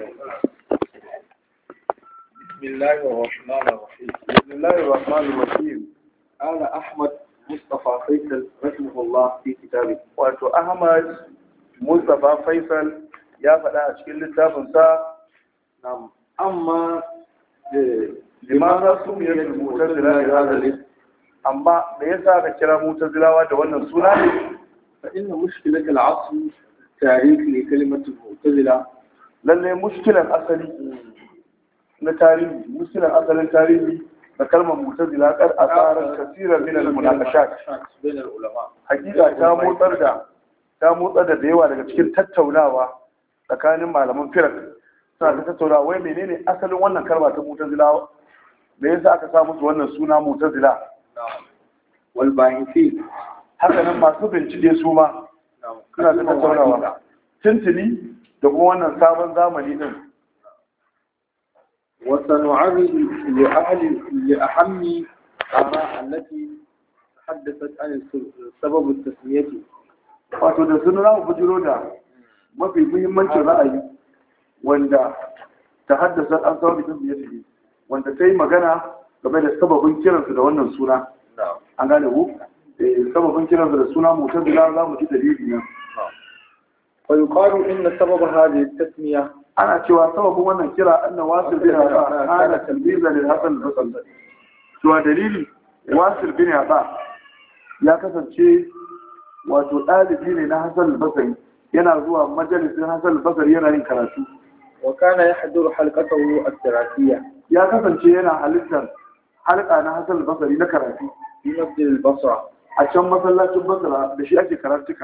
بسم الله الرحمن الرحيم بسم الله الرحمن الرحيم قال احمد مصطفى فيصل رحمه الله في كتابه وقال احمد مصطفى فيصل يا فدا a cikin littafin sa nam amma limana sun yi rubuta da hadali amma me yasa ka kira mutazilawa da wannan suna ne fa inna mushkilatul asr tarikh li kalimatul mutazila lalle muskilan asali na tarihi muskilan asalin tarihi da kalmar mutazila kar a tsarin kasirar binar munakashat hakika ta motsar da ta motsar da yawa daga cikin tattaunawa tsakanin malaman firak suna ta tattaunawa wai menene asalin wannan kalma ta mutazila me yasa aka sa musu wannan suna mutazila wal bahithi haka nan masu bincike su ma suna ta tattaunawa tuntuni da kuma wannan sabon zamani din wa sanu'arrid li ahli li ahammi ara allati haddathat an sabab at-tasmiyati wato da sun rawa bujiro da mafi muhimmancin ra'ayi wanda ta haddasa an sabab at-tasmiyati wanda ta yi magana game da sababin kiransu da wannan suna an gane ku eh, sababin kiransu da suna mutar da za mu ci dalili ne ويقال إن سبب هذه التسمية أنا كوا سبب وانا كرا أن واصل بها كان تلبيزا للحسن الحسن سوى دليل واصل بن عطاء يا كسر شيء وتؤال دين الحسن البصري ينا زوا مجلس الحسن البصري ينا لين كراتو وكان يحضر حلقته الدراسية يا كسر شيء ينا حلقة حلقة أنا حسن البصري نكراتي في مسجد البصرة عشان مثلا تبصرة بشيء أكي كراتك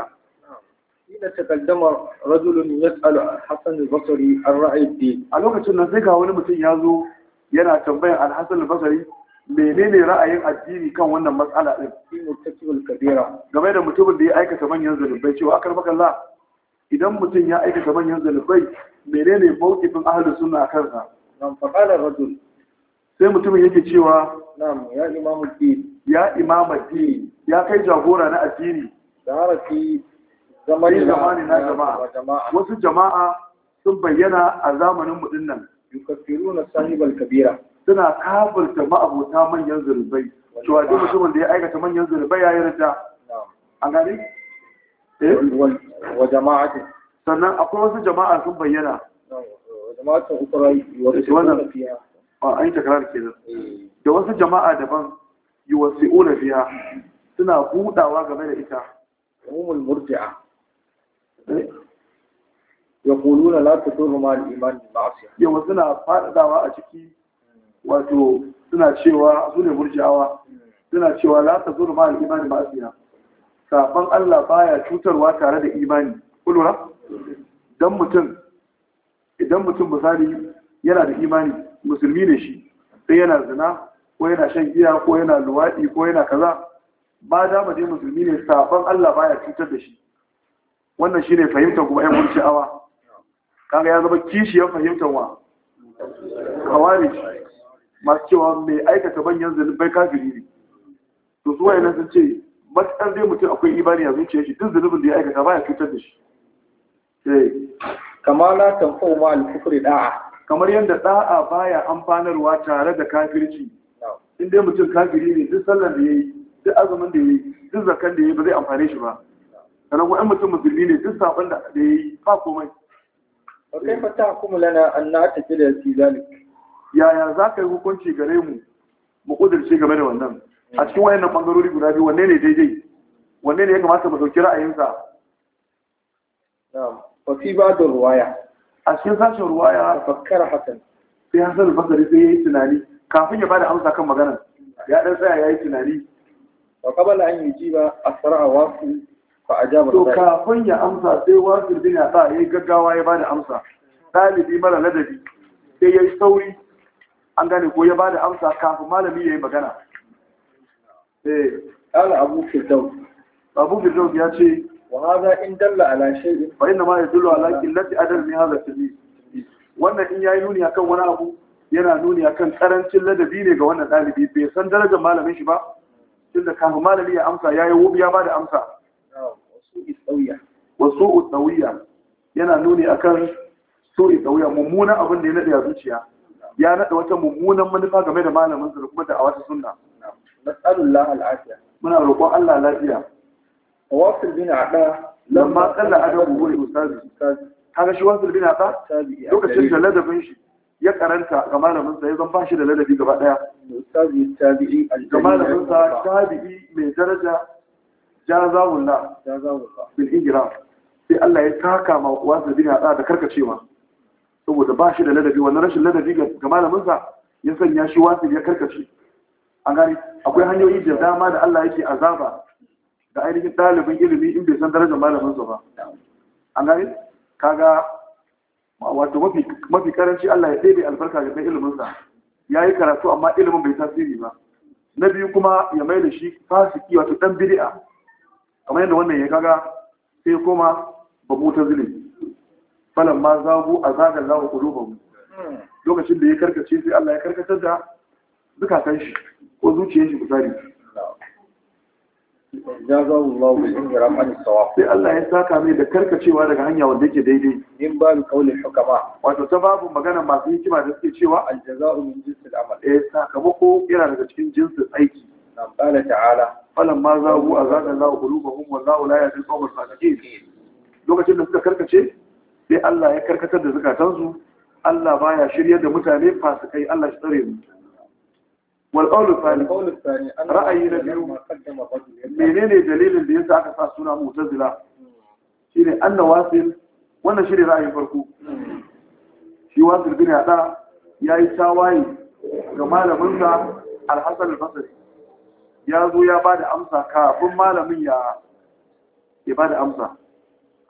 Ina takaddama rajulun yas'alu Hassan al-Basri an ra'ayi din. A lokacin nan sai ga wani mutum ya zo yana tambayar Al-Hassan al-Basri menene ra'ayin addini kan wannan matsala din. Ina takibul kabira. Game da mutumin da ya aikata manyan zulubai cewa akar makalla idan mutum ya aikata manyan zulubai menene bauti mawqifin ahlus sunna kansa. Nan faqala radul. sai mutumin yake cewa na'am ya imamu din ya imamu din ya kai jagora na addini da harafi zamani zamani na jama'a wasu jama'a sun bayyana a zamanin mu dinnan yukaffiruna sahibal kabira suna kafirta ma'abota manyan zulubai cewa duk mutumin da ya aikata manyan zulubai ya yarda a gani eh wa jama'ati sannan akwai wasu jama'a sun bayyana jama'atun ukra wannan a ai takrar kenan eh. da wasu jama'a daban yi wasu fiha suna budawa game da ita umul murji'a yaquluna la tadurru ma al ba bi ma'siyah yawa suna fadadawa a ciki wato suna cewa su ne murjawa suna cewa la tadurru ma al ba bi ma'siyah saban Allah baya cutarwa tare da imani kulura don mutum idan mutum misali yana da imani musulmi ne shi sai yana zina ko yana shan giya ko yana luwaɗi ko yana kaza ba dama dai musulmi ne saban Allah baya cutar da shi wannan shi ne fahimtar kuma 'yan mulki awa kaga ya zama kishiyar fahimtar wa kawari masu cewa mai aikata banyan zunubai kafiri ne to zuwa yana sun ce matuƙar zai mutum akwai ibani a zuciya shi duk zunubin da ya aikata baya cutar da shi eh. Kamar na tanfa'u ma al da'a kamar yadda da'a baya amfanarwa tare da kafirci in dai mutum kafiri ne duk sallar da ya yi, duk azumin da ya yi, duk zakan da ya yi, ba zai amfane shi ba sannan kuma mutum musulmi ne duk sabon da ya yi ba komai Ba kai kuma lana an na ta kila fi zalik yaya za ka yi hukunci gare mu mu kudurce game da wannan a cikin wayannan bangarori guda biyu wanne ne daidai wanne ne ya kamata mu ɗauki ra'ayinsa na'am wa ba da ruwaya a cikin sashen ruwaya fakkara hakan. sai Hassan al sai ya yi tunani kafin ya bada amsa kan magana ya ɗan tsaya ya yi tunani wa qabala an yi ji ba a fara a wasu to kafin ya amsa sai wasil bin yasa ya yi gaggawa ya bada amsa ɗalibi mara ladabi sai ya yi sauri an gane ko ya bada amsa kafin malami ya yi magana eh ala abu firdaus abu firdaus ya ce wa hadha in dalla ala shay'in fa inna ma yadullu ala qillati adab min hadha tabi wannan in yayi nuni akan wani abu yana nuni akan karancin ladabi ne ga wannan ɗalibi bai san darajar malamin shi ba tunda kafin malami ya amsa yayi wubi ya bada amsa wasu ɗauya yana nuni akan su'i ɗauya mummunan abin da ya naɗe a zuciya ya naɗa wata mummunan manufa game da malamin da kuma da a wata sunna nas'alullah al'afiya muna roƙon Allah lafiya wasil bin ada lamma qalla adabu wa ustazi kaga shi wasil bin ada lokacin da ladabin shi ya karanta ga malamin sa ya zan bashi da ladabi gaba daya ustazi tabi'i al malamin sa tabi'i mai daraja jazawullah jazawullah bil hijra sai Allah ya taka ma wasu hada da karkacewa saboda ba shi da ladabi wani rashin ladabi ga malaminsa ya sanya shi wasu ya karkace an gani akwai hanyoyi da dama da Allah yake azaba da ainihin dalibin ilimi in bai san darajar malaminsa ba an gani kaga wato mafi karanci Allah ya ɗebe albarka ga iliminsa ya yi karatu amma ilimin bai tasiri ba na biyu kuma ya mai da shi fasiki wato ɗan bidi'a kamar yadda wannan ya kaga sai koma babu ta zile falon ma ku a zagar kudu babu lokacin da ya karkace sai Allah ya karkatar da zukatan shi ko zuciyar shi kusari sai Allah ya saka mai da karkacewa daga hanya wanda yake daidai in babu kaulin hukama wato ta babu magana masu hikima da suke cewa aljaza'u min jinsil amal eh sakamako yana daga cikin jinsin aiki na ta'ala falan ma za hu azada Allah qulubahum wallahu la yahdi al-qawma al-fasiqin lokacin da suka karkace sai Allah ya karkatar da zakatansu Allah baya shirya da mutane kai, Allah shi tsare mu wal qawlu thani ra'ayi na biyu menene dalilin da yasa aka sa suna Shi ne anna wasil wannan shine ra'ayin farko shi wasil bin ya yayi tawayi ga malamin ga al-Hasan al-Basri ya zo ya ba da amsa kafin malamin ya ya ba da amsa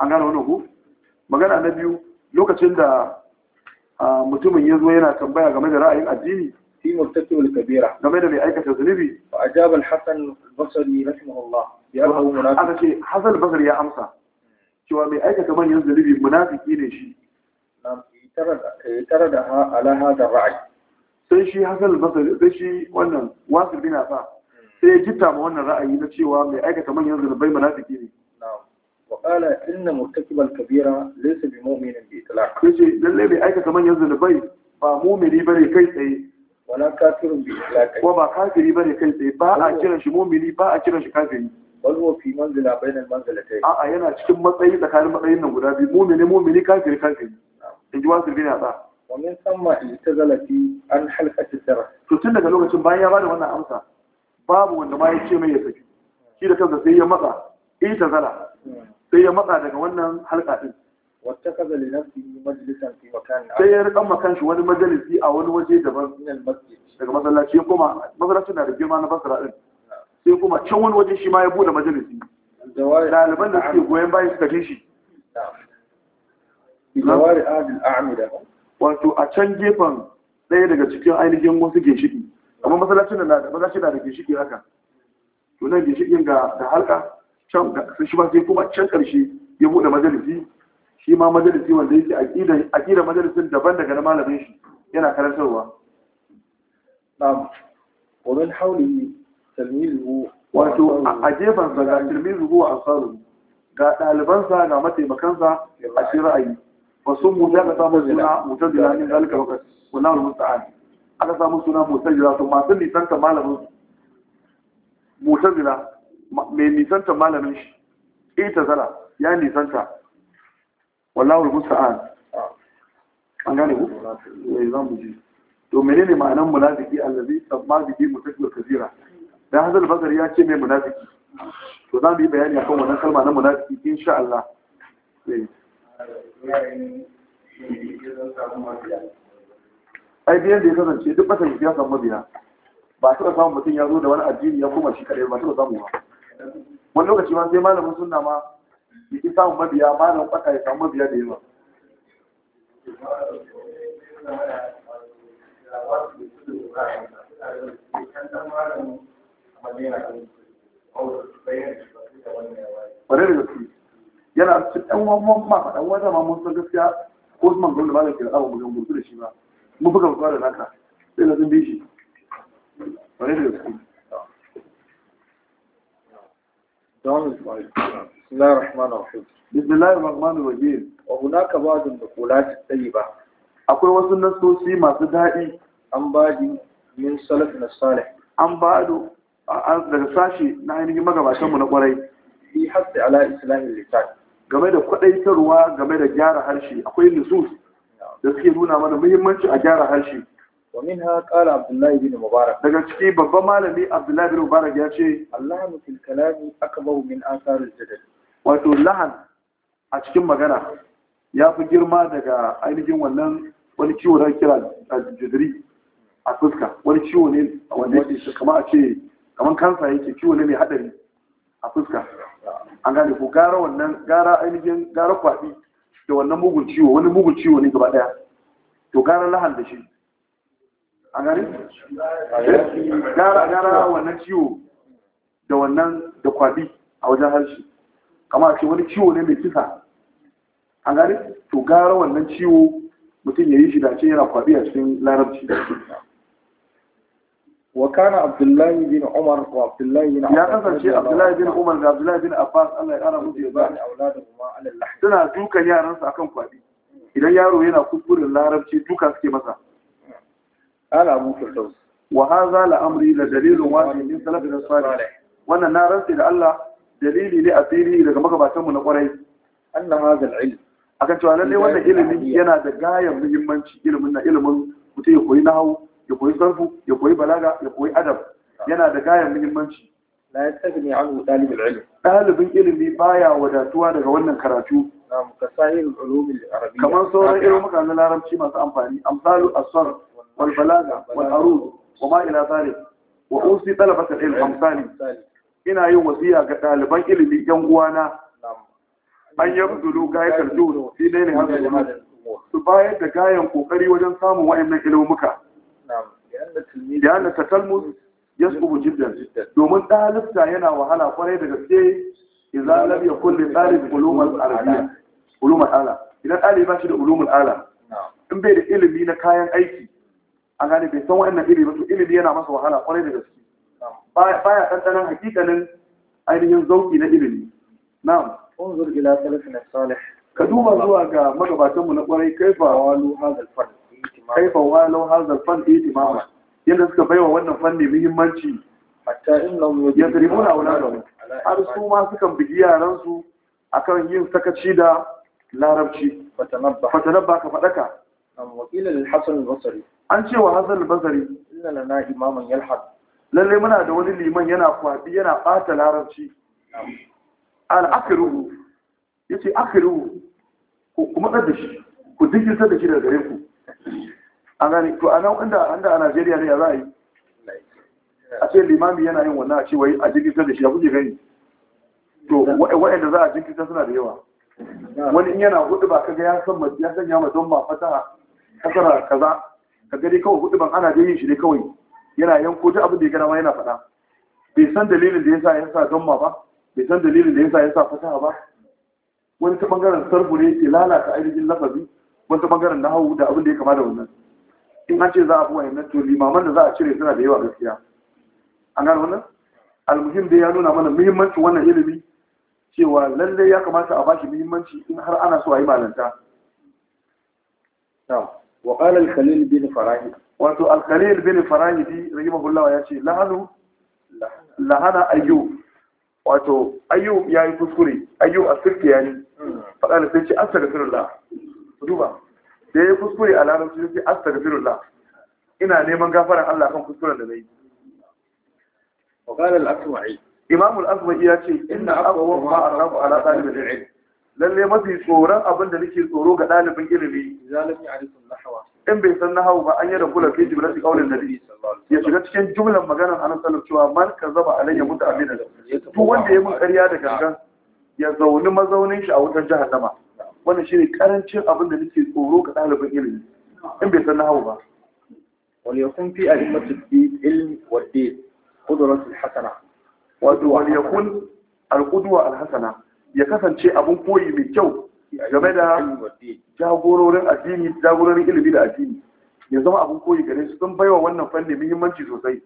an gane wani ku magana na biyu lokacin da mutumin ya zo yana tambaya game da ra'ayin addini fi murtakiwul kabira game da mai aikata zunubi fa ajaba al-hasan al-basri rahimahullah ya annahu munafiq aka ce hasan al-basri ya amsa cewa mai aikata manyan zunubi munafiki ne shi tare da ha ala hada ra'ayi sai shi hasan al-basri sai shi wannan wasil bin afa sai ya gitta ma wannan ra'ayi na cewa mai aikata manyan zunubai munafiki ne وقال إن مرتكب الكبيرة ليس بمؤمن بإطلاق. يجي للي بأيك كمان ينزل بي فمؤمن يبني كيس إيه wala kafirun bi ilakai ko ba kafiri bane kai tsaye ba a kiran shi mumini ba a kiran shi kafiri bal huwa fi manzila bainal manzilatayn a'a yana cikin matsayi tsakanin matsayin nan guda biyu mumini mumini kafiri kafiri in ji wasu bin yasa wa min samma in tazala fi an halqati sirr to tun daga lokacin bayan ya bada wannan amsa babu wanda ma ya ce mai ya saki shi da kansa sai ya matsa in ta zala sai ya matsa daga wannan halka din wata kaza fi sai ya rika makan shi wani majalisi a wani waje daban daga masallaci kuma masallacin na da girma na basra din sai kuma can wani waje shi ma ya bude majalisi ɗaliban da suke goyon bayan suka ji shi wato a can gefen ɗaya daga cikin ainihin wasu ginshiki amma masallacin na da masallacin na da ginshiki haka to nan ginshikin ga da halka can shi ba sai kuma can karshe ya bude majalisi shi ma majalisi wanda yake aqidan aqidan majalisin daban daga na malamin shi yana karantarwa na'am wa min hawlihi a sa ga talmizuhu wa ansaru ga ɗalibansa ga mataimakansa a shi ra'ayi wasu mu ya ka samu suna mutar da lalin zalika wakati wannan musta'an aka samu suna mutazila to masu nisanta malamin su mutazila mai nisanta malamin shi ita zara ya nisanta wallahu musta'an an gane ku eh za mu ji to menene ma'anar munafiki allazi tsamma bihi mutazila kazira dan hazal bazar ya ce mai munafiki to za mu yi bayani akan wannan kalma na munafiki insha Allah eh ai biyan da ya kasance duk matafi ya samu mabiya ba taɓa samun mutum ya zo da wani addini ya koma shi kaɗai ba taɓa samu ba wani lokaci ma sai malamin sunna ma ya ki samun mabiya malamin ɓaka ya samu mabiya da yawa Wane da gaske yana su ɗan wani ma faɗan wani ma mun san gaskiya su Gulu da da ke da abu mu gan da shi ba. mun fi gamsuwa da naka sai na sun bi shi wani da gaske وهناك بعض النقولات الطيبة akwai wasu nasosi masu daɗi an baji min salaf na salih an bado daga sashi na ainihin magabatanmu na kwarai fi hasi ala islamin lisan game da kwadaitarwa game da gyara harshe akwai nusus da suke nuna mana muhimmanci a gyara harshe ومنها قال عبد الله بن مبارك daga ciki babban malami Abdullahi bin Mubarak ya ce Allahu fil kalami akbaru min athar al wato lahan a cikin magana ya fi girma daga ainihin wannan wani ciwo da kira jidiri a fuska wani ciwo ne wanda yake kama a ce kamar kansa yake ciwo ne mai hadari a fuska an gane ko gara wannan gara ainihin gara kwaɗi da wannan mugun ciwo wani mugun ciwo ne gaba daya to gara lahal da shi a gari? Eh? gara gara wannan ciwo da wannan da kwabi a wajen harshe kama ce wani ciwo ne mai kisa a gari? to gara wannan ciwo mutum ya yi shi da ce yana kwabi a cikin larabci وكان عبد الله بن عمر وعبد الله بن عباس يا كذا شيء عبد الله بن عمر وعبد الله بن عباس الله idan yaro yana kuskurin larabci duka suke masa ala la amri la dalilun wahid min salafin salih wannan na rantsi da Allah dalili ne a asiri daga makabatan na kwarai annan akan cewa lalle wannan ilimin yana da gayar muhimmanci ilimin na ilimin mutum ya koyi na hau. ya koyi sarfu ya koyi balaga ya koyi adab yana da gayan muhimmanci la yastagni anhu talib al-ilm talibin ilimi baya wadatuwa daga wannan karatu ulum al-arabiyya kamar sauran irin makamin larabci masu amfani amsalu as wal balaga wal arud wa ma ila zalik wa usi talabat al-ilm amsali ina yin wasiya ga daliban ilimi yan uwana an yabdulu gayatul juhud fi dai ne hada su bayar da gayan kokari wajen samun wa'annan ilimuka da yana takalmus ya tsubu jiddan domin ɗalibta yana wahala kwarai da gaske idan ya kulle ɗalib ulumar arabiya ulumar ala idan ɗalib ba shi da ulumar ala in bai da ilimi na kayan aiki a gane bai san wa'annan ilimi to ilimi yana masa wahala kwarai da gaske baya ɗanɗanon hakikanin ainihin zauki na ilimi na'am unzur ila salafina salih ka duba zuwa ga magabatanmu na kwarai kaifa walu hadal fard kaifa walau hazal fanni itimama yadda suka baiwa wannan fanni muhimmanci hatta in lam yadribuna auladahum har su ma sukan bigi yaransu su akan yin sakaci da larabci fatanabba fatanabba ka faɗaka. an ce wa hasan al-basri inna imaman yalhad lalle muna da wani liman yana kwabi yana ɓata larabci Al'akiru! Ya ce Akiru! ku kuma da shi ku dinkirta da shi daga gare ku an gani to a nan inda a Najeriya ne ya za a yi a ce limami yana yin wannan a ce wai a jikin da shi a kuke gani to waɗanda za a jinkirtar suna da yawa wani in yana hudu ba kaga ya san ya sanya ma don ma fata kasara kaza ka gani kawai hudu ban ana yin shi ne kawai yana yanko duk abin da ya gana ma yana faɗa bai san dalilin da yasa ya sa don ma ba bai san dalilin da yasa ya sa fata ba wani ta bangaren sarfu ne ke lalata ainihin lafazi wani ta bangaren nahawu da abin da ya kama da wannan in an ce za a fi wayannan to limaman da za a cire suna da yawa gaskiya an gano wannan almuhim dai ya nuna mana muhimmancin wannan ilimi cewa lalle ya kamata a bashi muhimmanci in har ana so a yi malanta wa qala al-khalil bin farahid wato al-khalil bin bi rahimahullah ya ce lahanu lahana ayyub wato ayyub yayi kuskure ayyub asirki yani qala hmm. sai ce astaghfirullah duba da ya kuskure a larabci yake astagfirullah ina neman gafaran Allah kan kuskuren da na yi wa qala al imam al-asma'i ya ce inna aqwa ma arafu ala talib al-ilm lalle mafi tsoron abin da nake tsoro ga dalibin ilimi in bai san nahawu ba an yi da kula fi da da nabi ya shiga cikin jumlan maganar anan sallar cewa man ka zaba alayya mutu amina duk wanda ya mun ƙarya da gangan ya zauni mazaunin shi a wutar jahannama wannan shi ne karancin abin da nake tsoro ga ɗalibin ilimi in bai san nahawu ba wani ya kun fi a himmatu ilmi wadde kudurarsu hasana wato wani ya kun alkuduwa alhasana ya kasance abin koyi mai kyau game da jagororin addini jagororin ilimi da addini ya zama abin koyi gare su sun baiwa wannan fanni muhimmanci sosai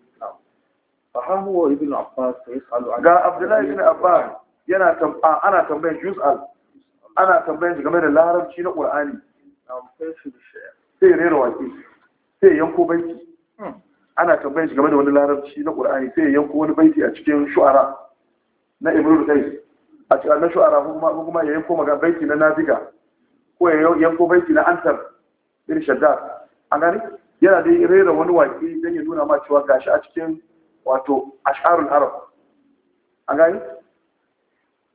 ga abdullahi ibn Abba yana ana tambayar Al. ana tambayar shi game da larabci na ƙur'ani sai rera waƙe sai yanko baiti hmm. ana tambayar shi game da wani larabci na ƙur'ani sai yanko wani baiti a cikin shu'ara na ibn rukai a cikin na shu'ara ko kuma ya yanko maga baiti na nafiga ko ya yanko baiti na antar bin shaddad a gani yana da rera wani waƙe don ya nuna ma cewa gashi a cikin wato ash'arul arab a gani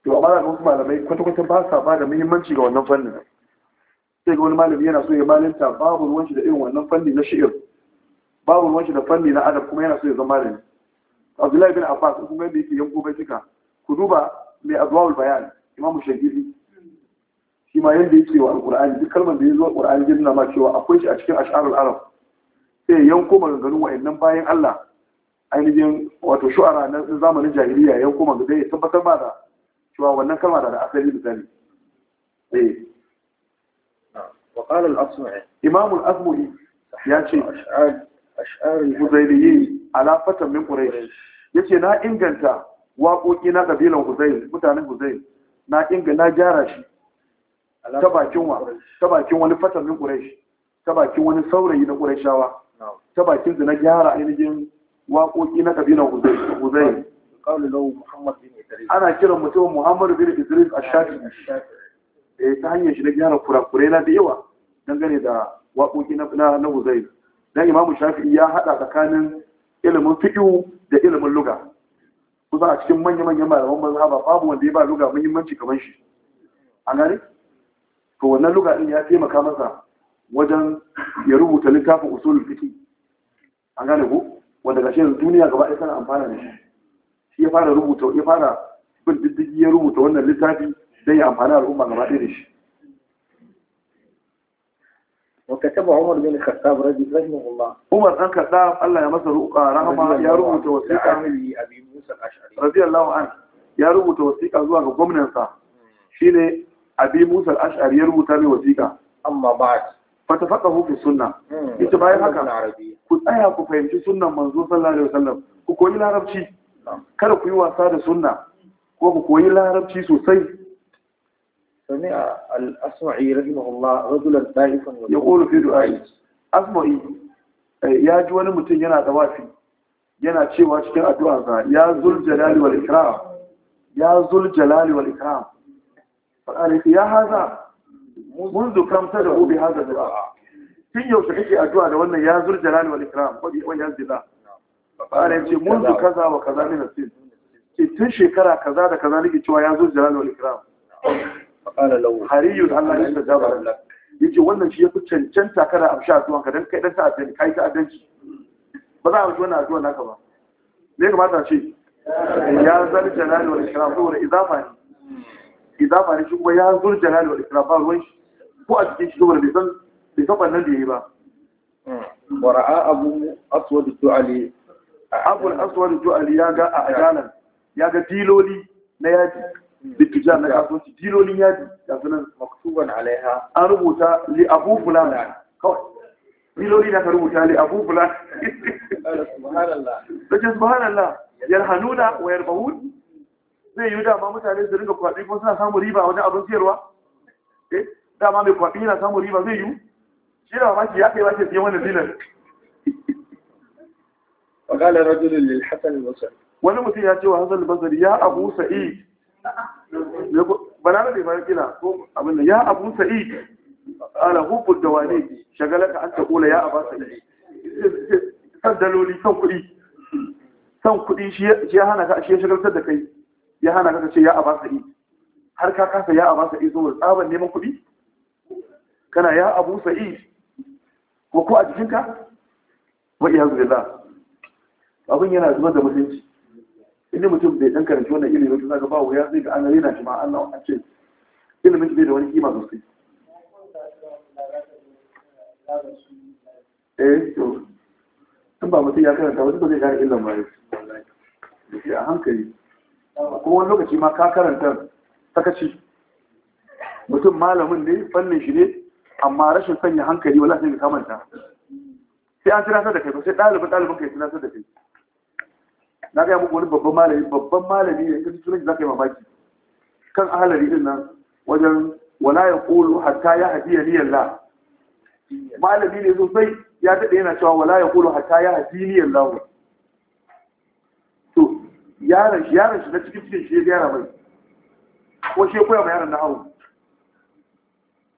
to amma da wasu malamai kwata-kwata ba sa ba da muhimmanci ga wannan fannin sai ga wani malami yana so ya malinta babu ruwan shi da irin wannan fanni na shi'ir babu ruwan shi da fanni na adab kuma yana so ya zama malami abdullahi bin abbas kuma yadda yake yanko bai cika ku duba mai azwawul bayan imamu shagiri shi ma yadda yake wa Alƙur'ani, duk kalmar da ya zo Alƙur'ani ya nuna ma cewa akwai shi a cikin ash'arul arab sai yanko maganganun wa'annan bayan Allah ainihin wato shu'ara na zamanin jahiliya yanko maganganun ya tabbatar ma da cewa wannan kalma da asali misali eh. imam al-asma'i ya ce ash'ar al na inganta waƙoƙi na kabilan huzayl mutanen huzayl na inga shi ta bakin saurayi na qurayshawa ta bakin su na gyara ainihin waƙoƙi na kabilan huzayl يقال له محمد بن إدريس أنا كرا متوى محمد بن إدريس الشافعي الشافعي تهنيا شنجي أنا كرا كرينا ديوا dangane da waƙoƙi na na Uzair dan Imam Shafi'i ya haɗa tsakanin ilimin fiqh da ilimin lugha kusa a cikin manya manyan malaman mazhaba babu wanda ya ba lugha muhimmanci kamar shi an gane to wannan lugha din ya taimaka masa wajen ya rubuta littafin usulul fiqh an gane ko wanda gashi yanzu duniya gaba ɗaya tana amfana da shi shi ya fara rubuta ya fara bin diddigi ya rubuta wannan littafi zai amfani al'umma gaba ɗaya da shi وكتب عمر بن الخطاب رحمه الله عمر بن الخطاب الله يا مسر رحمه يا رب توثيق ابي موسى الاشعري رضي الله عنه يا رب توثيق زوا ga gwamnatinsa shine abi musa al hmm. ya rubuta mai wasiƙa amma ba'd fatafaqahu fi sunna ita hmm. bayan haka ku tsaya ku fahimci sunnan manzo sallallahu alaihi ku koyi larabci kada ku yi wasa da sunna ko ku koyi larabci sosai سمع الأسمعي ya الله fi du'a yi asma'i eh, ya ji wani mutum yana da wafi yana cewa cikin addu'a ya zul jalali wal ikram ya zul jalali wal ikram فقالك يا haza منذ كم تدعو بهذا الدعاء kake addu'a da wannan ya zul jalali wal ikram fara ce munzu kaza wa kaza min asin ke tun shekara kaza da kaza nake cewa ya zo jalal wal ikram fara lahu hariyun Allah ya tajaba lak yace wannan shi yafi cancanta kada amsha addu'an ka dan kai dan ta'addanci kai ta'addanci ba za a ji wannan addu'a naka ba me kamata ce ya zal jalal wal ikram saboda izafa ne Izafa ne shi kuma ya zal jalal wal ikram ba ruwan shi ko a cikin shi zuwa bai san bai san bannan da yayi ba hmm. wara'a abu aswad du'ali abul aswad du'ali ya ga a ajalan ya ga diloli na yaji littijar na kasuwanci dilolin yaji ga sunan maktuban alaiha an rubuta li abu fulan kawai diloli na ka rubuta li abu fulan dace subhanallah hanuna wa yarbahun zai yi dama mutane su ringa kwaɗi ko suna samun riba wani abin siyarwa eh dama mai kwaɗi yana samun riba zai yi shi da mamaki ya kai wace ke wani dinar وقال رجل للحسن البصري wani mutum ya ce wa Hassan al-Basri ya Abu Sa'id banana bai fara kila ko abin ya Abu Sa'id ala hubbu dawani shagalaka an taqula ya Abu Sa'id san daloli san kuɗi san kuɗi shi ya hana ka shi ya shagaltar da kai ya hana ka ce ya Abu Sa'id har ka kasa ya Abu Sa'id saboda tsaban neman kuɗi kana ya Abu Sa'id ko ko a jikinka wa iyazu billah abin yana zuwa da mutunci inda mutum bai dan karanci wannan ilimin to zaka ba wuya zai ga an rena shi ma Allah a ce ilimin bai da wani kima sosai eh to in ba mutum ya karanta wani ba zai gane illan ba yake a hankali kuma wani lokaci ma ka karanta sakaci mutum malamin ne fannin shi ne amma rashin sanya hankali wala sai ka kamanta sai an tunatar da kai ba sai ɗalibin ɗalibin kai tunatar da kai na gaya muku wani babban malami babban malami ne kan za zaka yi mamaki kan ahalari din nan wajen wala ya qulu hatta ya hadiya ni Allah malami ne sosai ya dade yana cewa wala ya qulu hatta ya hadiya ni Allah to yaran shi yaran shi na cikin cikin shi ya mai ko shi koya ma yaran na hawo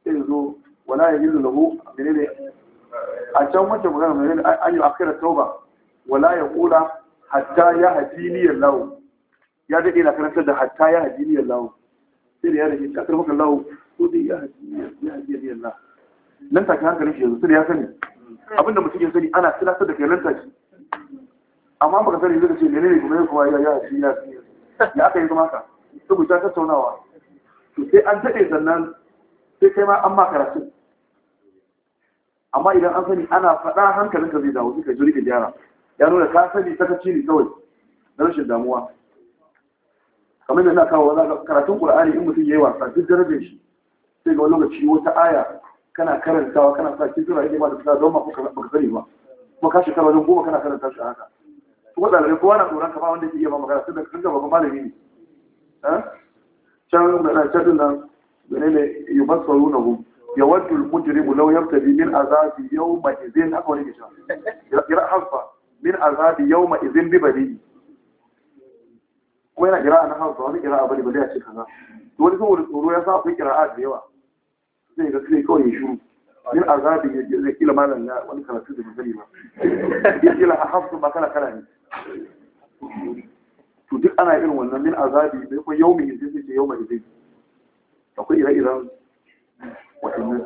sai zo wala ya yi lahu menene a can wancan magana menene an yi akira tauba wala ya qula hatta ya ya lawo ya daɗe na karantar da hatta ya ya lawo sai da ya rage ta karfafa lawo ko dai ya ya lawo nan take hankalin shi yanzu sai da ya sani abinda mutum ya sani ana tunatar da kai nan take amma baka sani zai ce menene kuma kuma ya ya hadini ya ya aka yi zama ka ta tattaunawa to sai an daɗe sannan sai kai ma an ma karatu amma idan an sani ana faɗa hankalinka zai dawo sai ka jirgin ka gyara ya nuna ka sani sakaci ne kawai na rashin damuwa kamar yana kawo kawo wani karatun ƙura'ani in mutum ya yi wasa duk darajar shi sai ga wani lokaci wata aya kana karantawa kana sa kin jira yake ba da tsada don ma kuka ka sani ba kuma ka shekara wajen goma kana karanta shi a haka kuma ɗalibai kowa na tsoron ka ba wanda ke iya ba magana da ba gaba malami ne eh? can da na can nan da ne tsoro na gum yawaddu al-mujrimu law yabtadi min azabi yawma idhin haka wani ke sha ya rahfa min azabi yawma idhin bi badi kuma yana kira'a na hausa wani kira'a bane bane a ce kaza to wani saboda tsoro ya sa akwai kira'a da yawa sai ga sai kawai ya shiru min azabi ya zai kila malam na wani karatu da misali ba ya kila a hafsu ba kala kala ne to duk ana irin wannan min azabi da kuma yawmi idhin sai ce yawma idhin akwai ire-iren waɗannan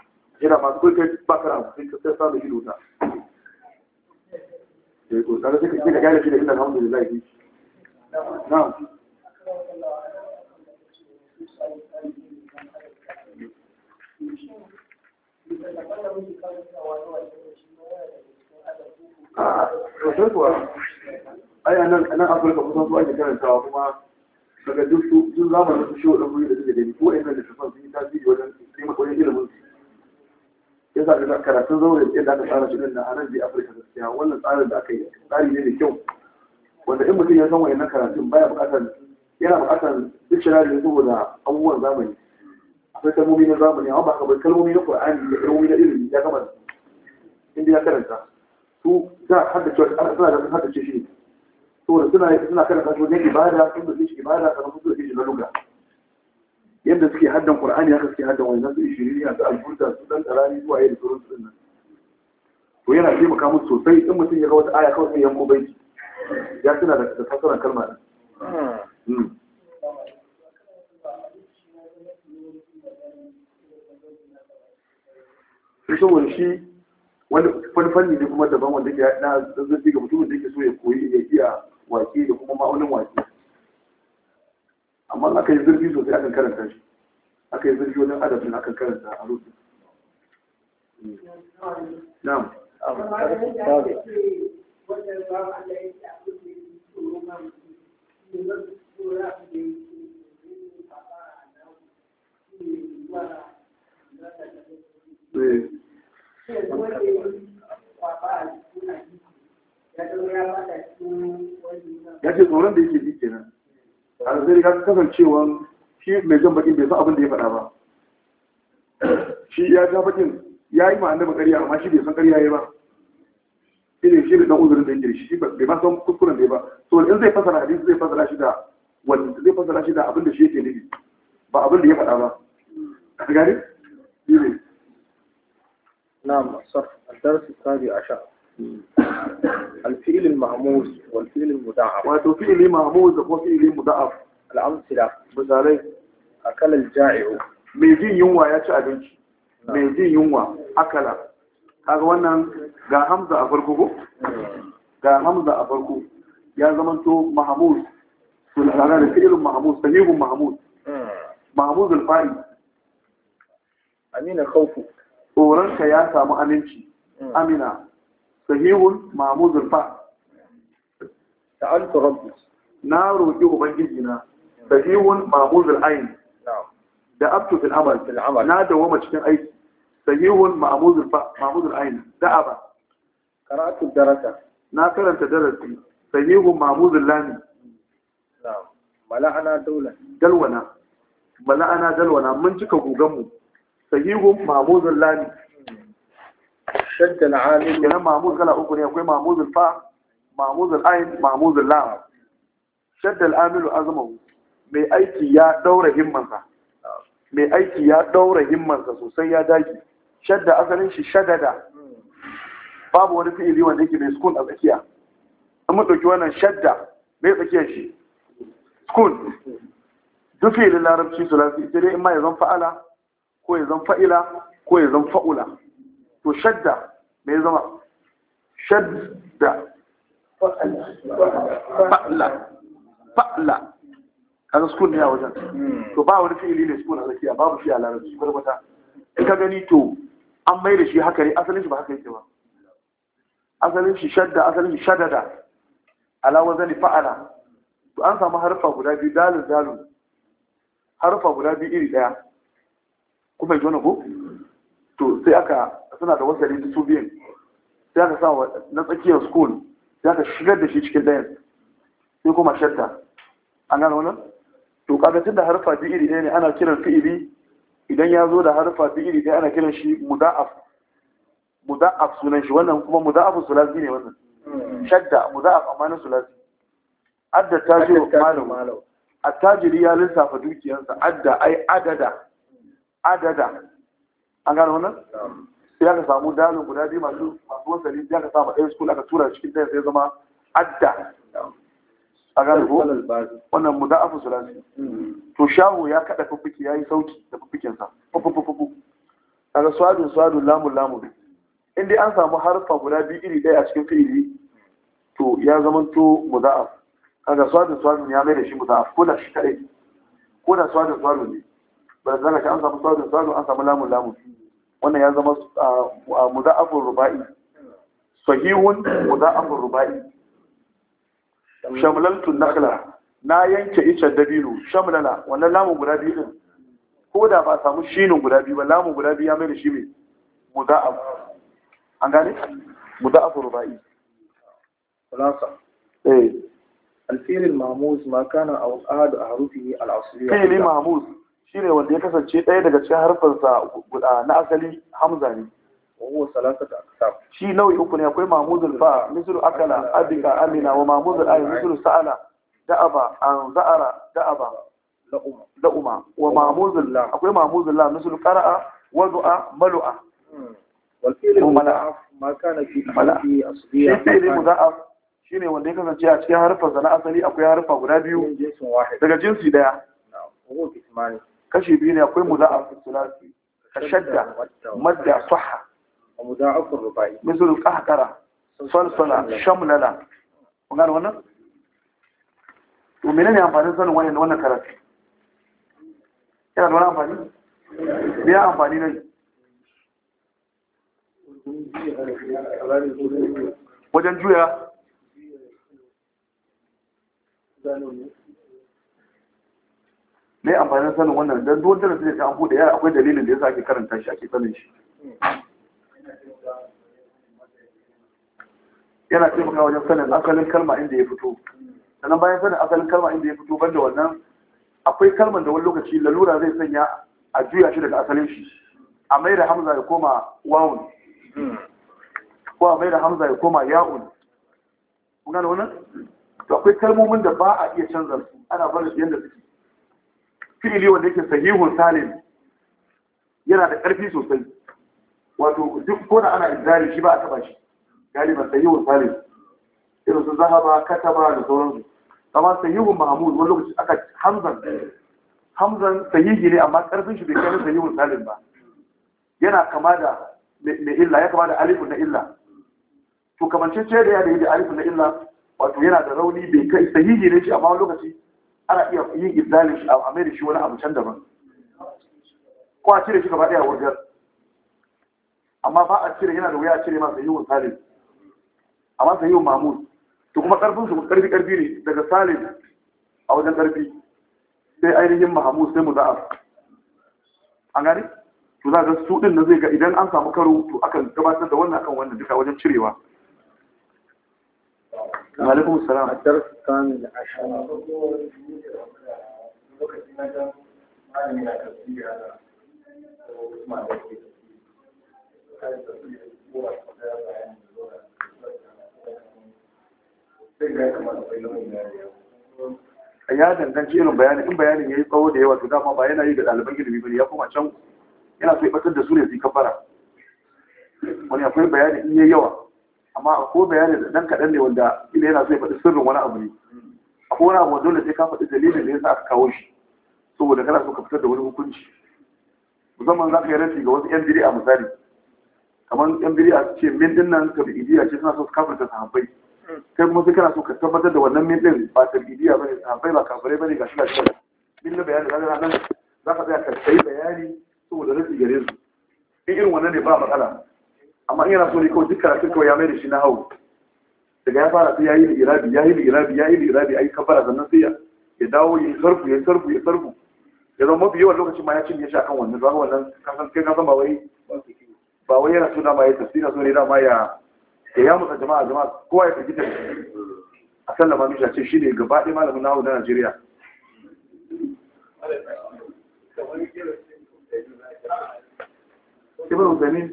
yana masu kai kai ba ka sai ka sai sa da ido ta ko eh, sai shi alhamdulillah ah, a kuwa nan afirka kusan su karantawa kuma daga duk zamanin su shi wa da suke da ni ko ina da su sun yi tasiri wajen taimaka wajen ilimin ya sa da karatun zaure yadda aka tsara shi nan da anan biyu afirka gaskiya wannan tsarin da aka yi tsari ne da kyau wanda in mutum ya san wayannan karatun baya bukatar yana bukatar dictionary saboda abubuwan zamani akwai kalmomi na zamani amma ba ka kamar kalmomi na qur'ani da kalmomi na ilimi ya gama inda ya karanta su za a haddace ana suna da haddace shi saboda suna suna karanta shi ne ibada sun da shi ibada kamar sun da shi na lugha yadda suke haddan qur'ani haka suke haddan wannan su ishiriniya da alfurta su dan karani zuwa yayin surun su nan to yana taimaka musu sosai in mutum ya ga wata aya kawai sai yanko bai ya tana da fasaran kalma din hmm. so wani shi wani fanni ne kuma daban wanda ke na zazzabi ga mutumin da yake so ya koyi ya iya waƙe da kuma ma'aunin waƙe. amma aka yi zirgi sosai akan karanta shi aka yi zirgi wajen adabin akan karanta a rufe na'am ya ce tsoron da yake bi kenan a zai riga kasancewa shi mai jan bakin bai san abin da ya faɗa ba shi ya ja bakin ya yi ma'an da ƙarya amma shi bai san ƙarya ya ba shi ne shi ne ɗan uzurin da yake shi bai ma san kuskuren da ya ba so in zai fasara hadisi zai fasara shi da wanda zai fasara shi da abin da shi yake nufi ba abin da ya faɗa ba a gani shi ne na'am asar darasi a ashar الفعل المهموز والفعل المضاعف وهو مهموز وفعل مضاعف الأمثلة مثالي أكل الجائع mai jin yunwa ya ci abinci mai jin yunwa akala kaga wannan ga hamza a farko ko ga hamza a farko ya zama to mahmud to tare da fi'il mahmud sahihun mahmud mahmud al amina ya samu aminci amina sahihun mahmudul fa ta'altu rabbi na roƙi ubangiji na sahihun mahmudul ayn da abtu fil amal fil amal na cikin aiki sahihun mahmudul fa mahmudul ayn da'aba qara'atu darasa na karanta darasi sahihun mahmudul lami na'am mala'ana dawla dalwana mala'ana dalwana mun cika gugan mu sahihun lami shadda al'alim kala uku ne akwai mahmud fa mahmud al'ain mahmud al'am shadda al'amilu azmahu mai aiki ya daura himmansa mai aiki ya daura himmansa sosai ya dage shadda asalin shi shadada babu wani fi'ili wanda yake mai sukun a tsakiya an mu dauki wannan shadda mai tsakiyar shi sukun duk fi'ilin larabci su lafi sai dai in ma ya zan fa'ala ko ya zan fa'ila ko ya zan fa'ula to shadda me zama shadda fa'la fa'la kaza sukun ne a wajen hmm. to ba wani fi'ili ne sukun a tsakiya babu shi a larabci kwata in ka gani to an mai da shi haka ne asalin shi ba haka yake ba asalin shi shadda asalin shi shadada ala wazani fa'ala to an samu harfa guda biyu dalil dalil harfa guda biyu iri daya kuma ji jona ko to sai aka suna da wasali su biyan sai aka sa na tsakiyar school sai aka shigar da shi cikin dayan sai kuma shatta an gano wannan to kaga tun da harfa bi iri ɗaya ne ana kiran fi'ili idan ya zo da harfa bi iri ɗaya ana kiran shi muda'af muda'af sunan shi wannan kuma muda'af sulasi ne wannan shadda muda'af amma na sulasi adda tajiru malam tajiri ya lissafa dukiyarsa adda ai adada adada an gano wannan sai aka samu dalo guda biyu masu masu wasali sai aka samu ɗaya school aka tura cikin ɗaya sai zama adda a gano ko wannan mu afu sulasi mm-hmm. to shahu ya kaɗa fuffuki ya yi sauki da fuffukinsa fuffufufu daga swadu lamu-lamu lamun in dai an samu harfa guda biyu iri ɗaya a cikin fi'ili to ya zamanto afu kaga swadu swadu ya mai da shi afu ko da shi kaɗai ko da swadu swadu ne zaka an samu sadun sadun an samu lamun lamun wannan ya zama muza'afun ruba'i sahihun muza'afun ruba'i shamlaltu nakhla na yanke icen dabino shamlala wannan lamun guda biyu din ko da ba samu shinin guda biyu ba lamun guda biyu ya mai da shi mai muza'af an gane muza'afun ruba'i خلاصة إيه الفيل المعموز ما كان أو أحد أحرفه الأصلية فيل معموز shi ne wanda ya kasance ɗaya daga cikin harfansa na asali hamza ne shi nau'i uku ne akwai mahmudul fa mislu akala abika amina wa mahmudul ayi mislu sa'ala da'aba an za'ara da'aba la'uma wa mahmudul la akwai mahmudul la mislu qara'a wadu'a malu'a hmm. wal fi'lu ma kana fi fi shine wanda ya kasance a cikin harfansa na asali akwai harfa guda biyu daga jinsi daya kashi biyu ne akwai muza'af sulasi shadda madda sahha muza'af rubai misal qahqara salsala shamlala kun gane wannan to menene amfanin sanin wannan wannan karatu yana da wani amfani me ya amfani ne wajen juya me amfanin sanin wannan don duk darasi da ka an bude yara akwai dalilin da yasa sake karanta shi ake sanin shi yana taimakawa wajen sanin asalin kalma inda ya fito sannan bayan sanin asalin kalma inda ya fito banda wannan akwai kalman da wani lokaci lalura zai sanya a juya shi daga asalin shi a mai da hamza ya koma wawun ko a mai da hamza ya koma ya'un kun gane wannan to akwai kalmomin da ba a iya canza su ana barin yadda suke fi'ili wanda yake sahihun salim yana da ƙarfi sosai wato duk ko da ana izari shi ba a taba shi galiban sahihun salim irin su zahaba ba da sauransu amma sahihun mahmud wani lokaci aka hamzan hamzan sahihi ne amma ƙarfin shi bai kai sahihun salim ba yana kama da na illa ya kama da alifun na illa to kamance ce da ya da yi da alifun na illa wato yana da rauni bai kai sahihi ne shi amma wani lokaci ana iya yin ibdalin shi a mai da shi wani abu can daban ko a cire shi gaba ɗaya wajen amma ba a cire yana da wuya a cire masa yiwon salim amma sai yiwon mamud to kuma karfin su karfi karfi ne daga salim a wajen ƙarfi sai ainihin mahamud sai mu za'a an gani to za ga su ɗin na zai ga idan an samu karo to akan gabatar da wannan akan wannan duka wajen cirewa وعليكم السلام الدرس الثامن عشر ya danganci irin bayani, in bayanin ya yi tsawo da yawa to dama ba yana yi ga ɗaliban ilimi bane ya kuma can yana so ya batar da su ne su yi kafara wani akwai bayani in yi yawa amma ko bayani da dan kaɗan ne wanda ila yana so ya faɗi sirrin wani abu ne akwai wani abu dole sai ka faɗi dalilin da yasa aka kawo shi saboda kana so ka fitar da wani hukunci musamman za ka yi rafi ga wasu yan a misali kamar yan a ce min din nan bi ce suna so su kafirta sahabbai kai kuma sai kana so ka tabbatar da wannan min din ba ba ne sahabbai ba kafirai ga shi gashi shi min na bayani kaga nan za ka tsaya ka sai bayani saboda rafi gare su in irin wannan ne ba matsala amma yana so ne kawai duk karatun kawai ya mai da shi na hau daga ya fara sai ya yi da irabi ya yi da irabi ya yi irabi a yi kafara sannan sai ya dawo ya sarfu ya sarfu ya sarfu ya zama mafi yawan lokacin ma ya cinye shi akan wannan zaka wannan kasan kai kasan ba wai ba wai yana so dama ya tafsira so ne dama ya ya yamu musa jama'a jama'a kowa ya firgita a sallama mishi a ce shi ne gaba ɗaya malamin nawo na najeriya ibn Uthaymin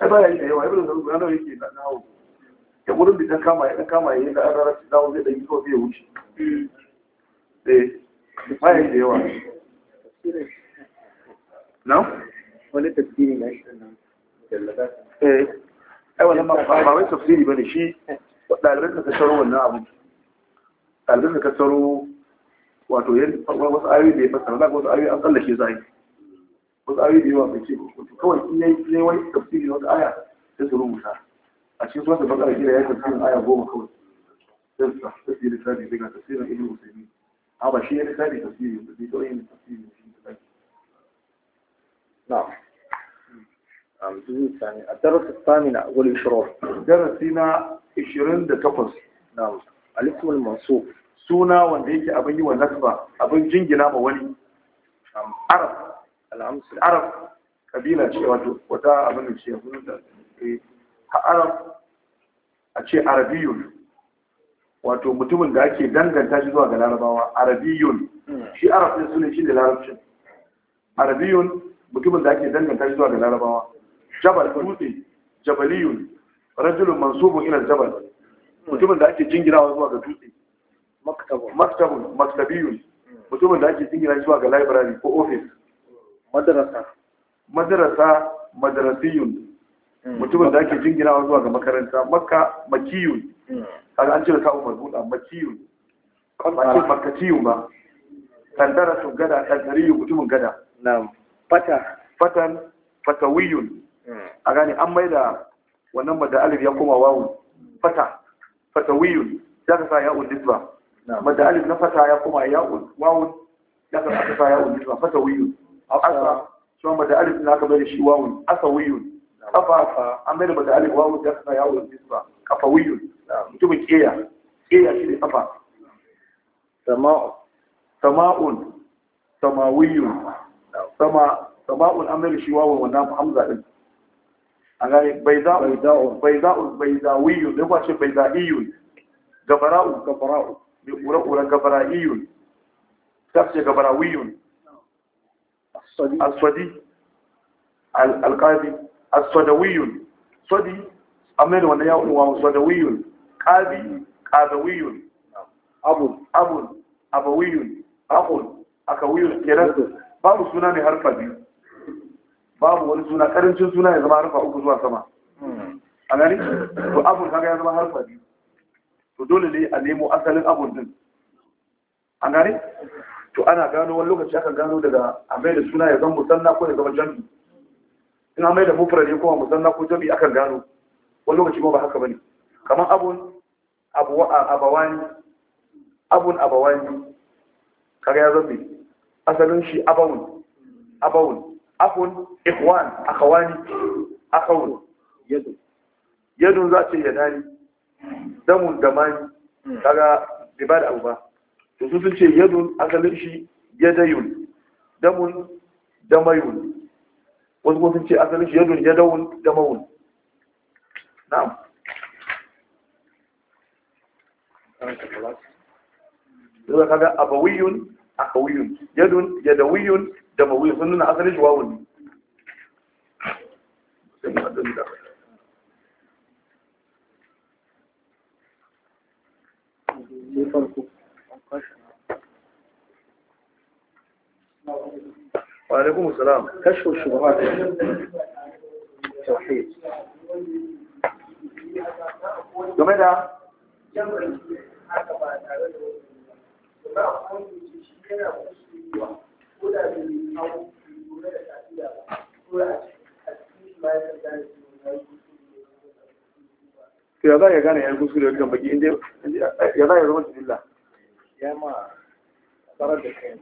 ai ba ya yi da yawa ibn zarur guda nawa yake na ya wurin bi dan kama ya dan kama ya yi da arara ci dawo zai dan yi kawai zai wuce eh ba ya yi da yawa na wani tafsiri na shi nan eh ai wannan ba wai tafsiri bane shi ɗaliban da ka saro wannan abu ɗaliban da ka saro wato yin wasu ayoyi da ya fassara za ka wasu ayoyi an tsallake zai wasu ayoyi da yawa mai ce kawai in yayi wani tafsiri na wata aya sai su rubuta a cikin suwata bakara kira ya tafsirin aya goma kawai sai su tafsiri lissafi daga tafsirin ibn usaimi a ba shi ya lissafi tafsiri ba zai kawai yin tafsiri ne shi da na'am الجزء الثاني الدرس الثامن والعشرون درسنا 28 نعم الاسم المنصوب suna wanda yake abin yi wa nasba abin jingina ma wani arab al'amus arab kabila ce wato wata abin da ce abin da a arab a ce arabiyun wato mutumin da ake danganta shi zuwa ga larabawa arabiyun hmm. shi arab din sunan shi da larabcin arabiyun mutumin da ake danganta shi zuwa ga larabawa jabal dutse jabaliyun rajulun mansubun ila jabal hmm. mutumin da ake jingirawa zuwa ga dutse maktabun maktabun maktabiyun hmm. mutumin da ake jingirawa zuwa ga library ko office madarasa madarasa madarasiyun hmm. mutumin da ake jinginawa zuwa ga makaranta makka makiyun hmm. kaga an cire kawo marbuda makiyun makiyun makatiyun ba su gada tandariyun mutumin gada na'am fata fatan fatawiyun hmm. a gane an maida wannan madda alif ya koma wawun fata fatawiyun ya ka sa ya'un nisba madda alif na fata ya koma ya'un wawun ya ka sa ya'un nisba fatawiyun asa shi ba da alif na aka bai da shi wawun asawiyun kafa an bai da ba da alif wawun da aka yawo da Kafa wiyun. mutumin keya keya shi ne kafa sama'un samawiyun sama sama'un an bai da shi wawun wannan hamza din a gane baiza'un baiza'un baizawiyun da kwace baiza'iyun gabara'un gabara'un mai ura ƙura gabara'iyun ta ce gabarawiyun aswadi alqadi aswadawiyun sadi amma da wannan yawon wa aswadawiyun qadi qadawiyun abun abun abawiyun akun akawiyun kenan babu suna ne harfa biyu babu wani suna karancin suna ya zama harfa uku zuwa sama hmm. a gani to abun kaga ya zama harfa biyu to dole ne a nemo asalin abun din a gani to ana gano wani lokaci aka gano daga a mai da suna ya zama musanna ko ya zama jami in a mai da ne kuma musanna ko jami akan gano wani lokaci ba haka bane kamar abun abawani abun abawani kaga ya zambe asalin shi abawun abawun afun ikwan akawani akawun yadu yadun za ce yadani damun damani hmm. kaga bai ba da abu ba to su sun ce yadun asalin shi yadayun damun damayun wasu kuma sun ce asalin shi yadun yadawun damawun na'am yanzu kaga abawiyun akawiyun yadun yadawiyun damawiyun sun nuna asalin shi wawun ne farko وعليكم السلام كشف الشبهات توحيد game ya za ya gane ya gusu da wajen baki inda ya za ya zama jibilla ya ma tsarar da kayan